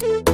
Thank you.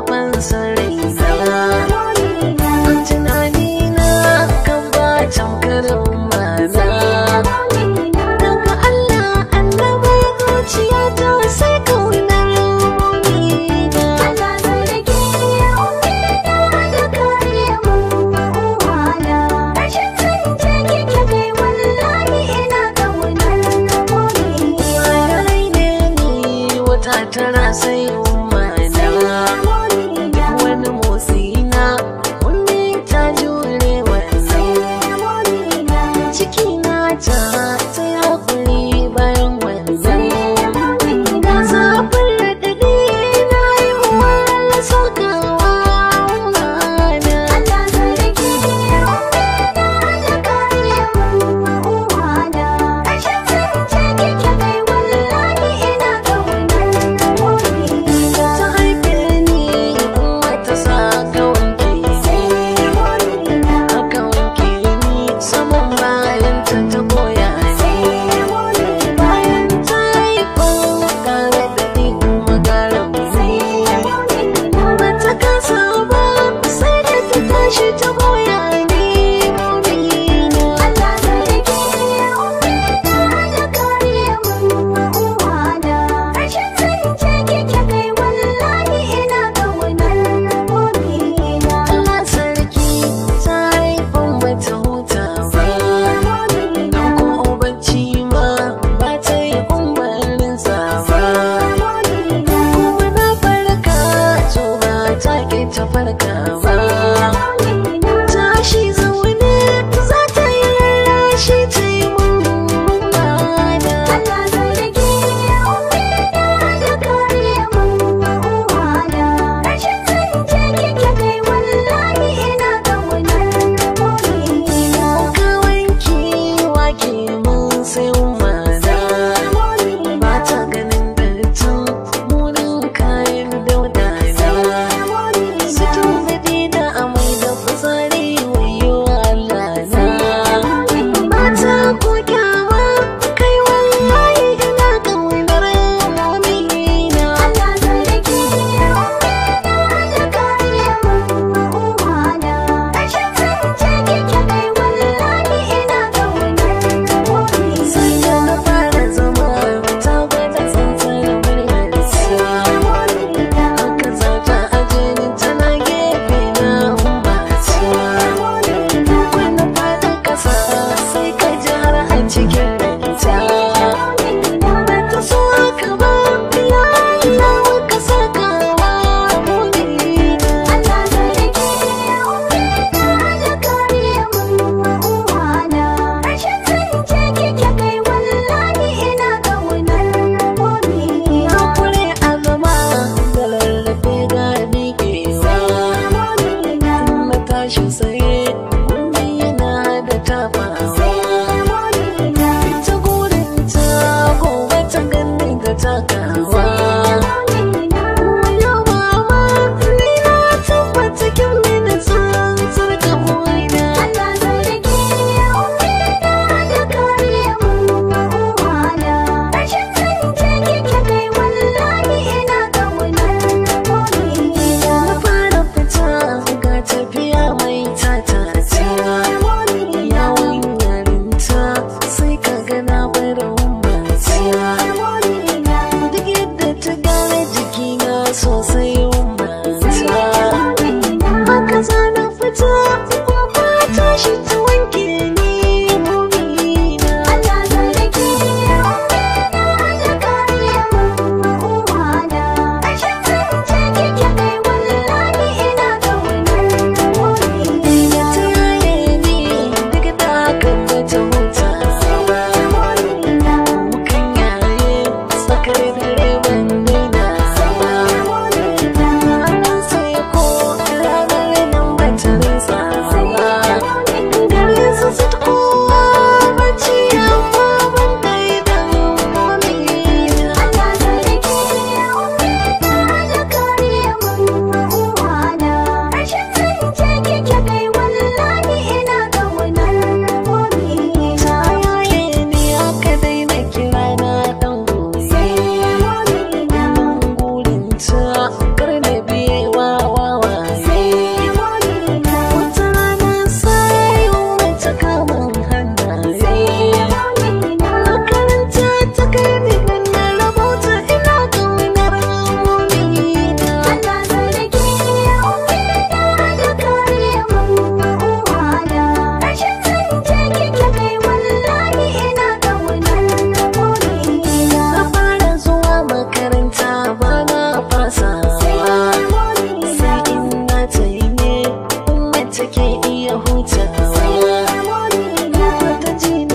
zaben sarai na na kan ba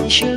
should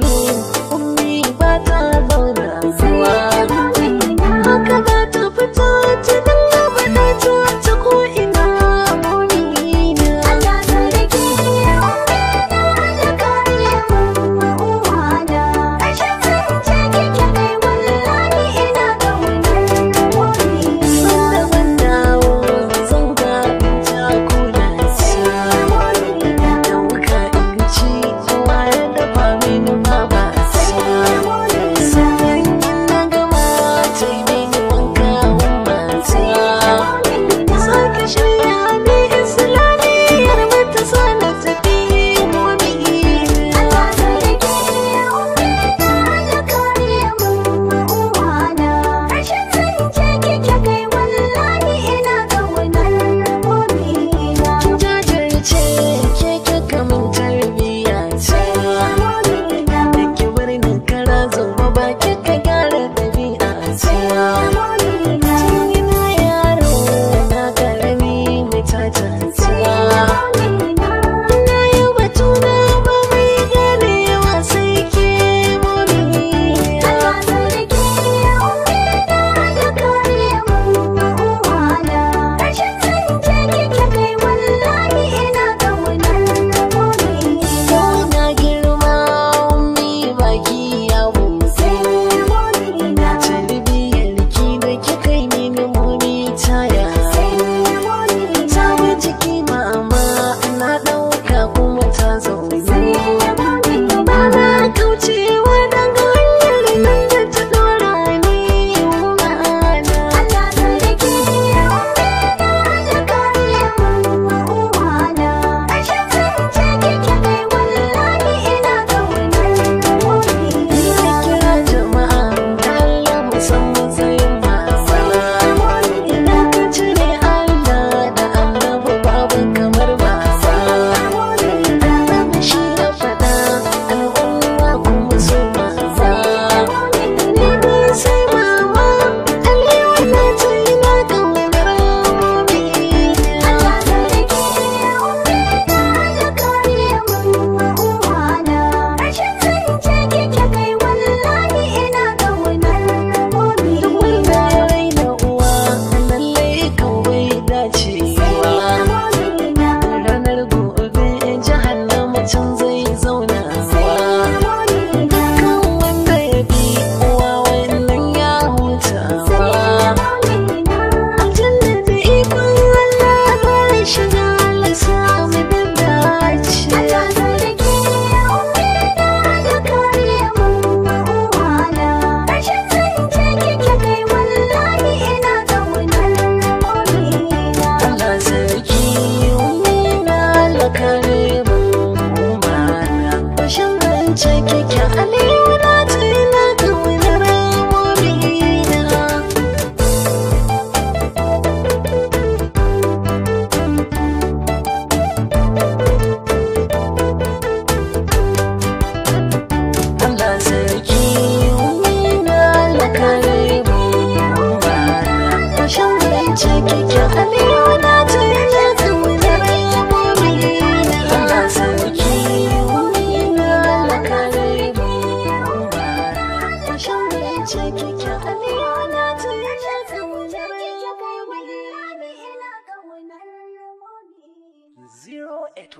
71 7270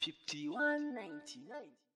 5199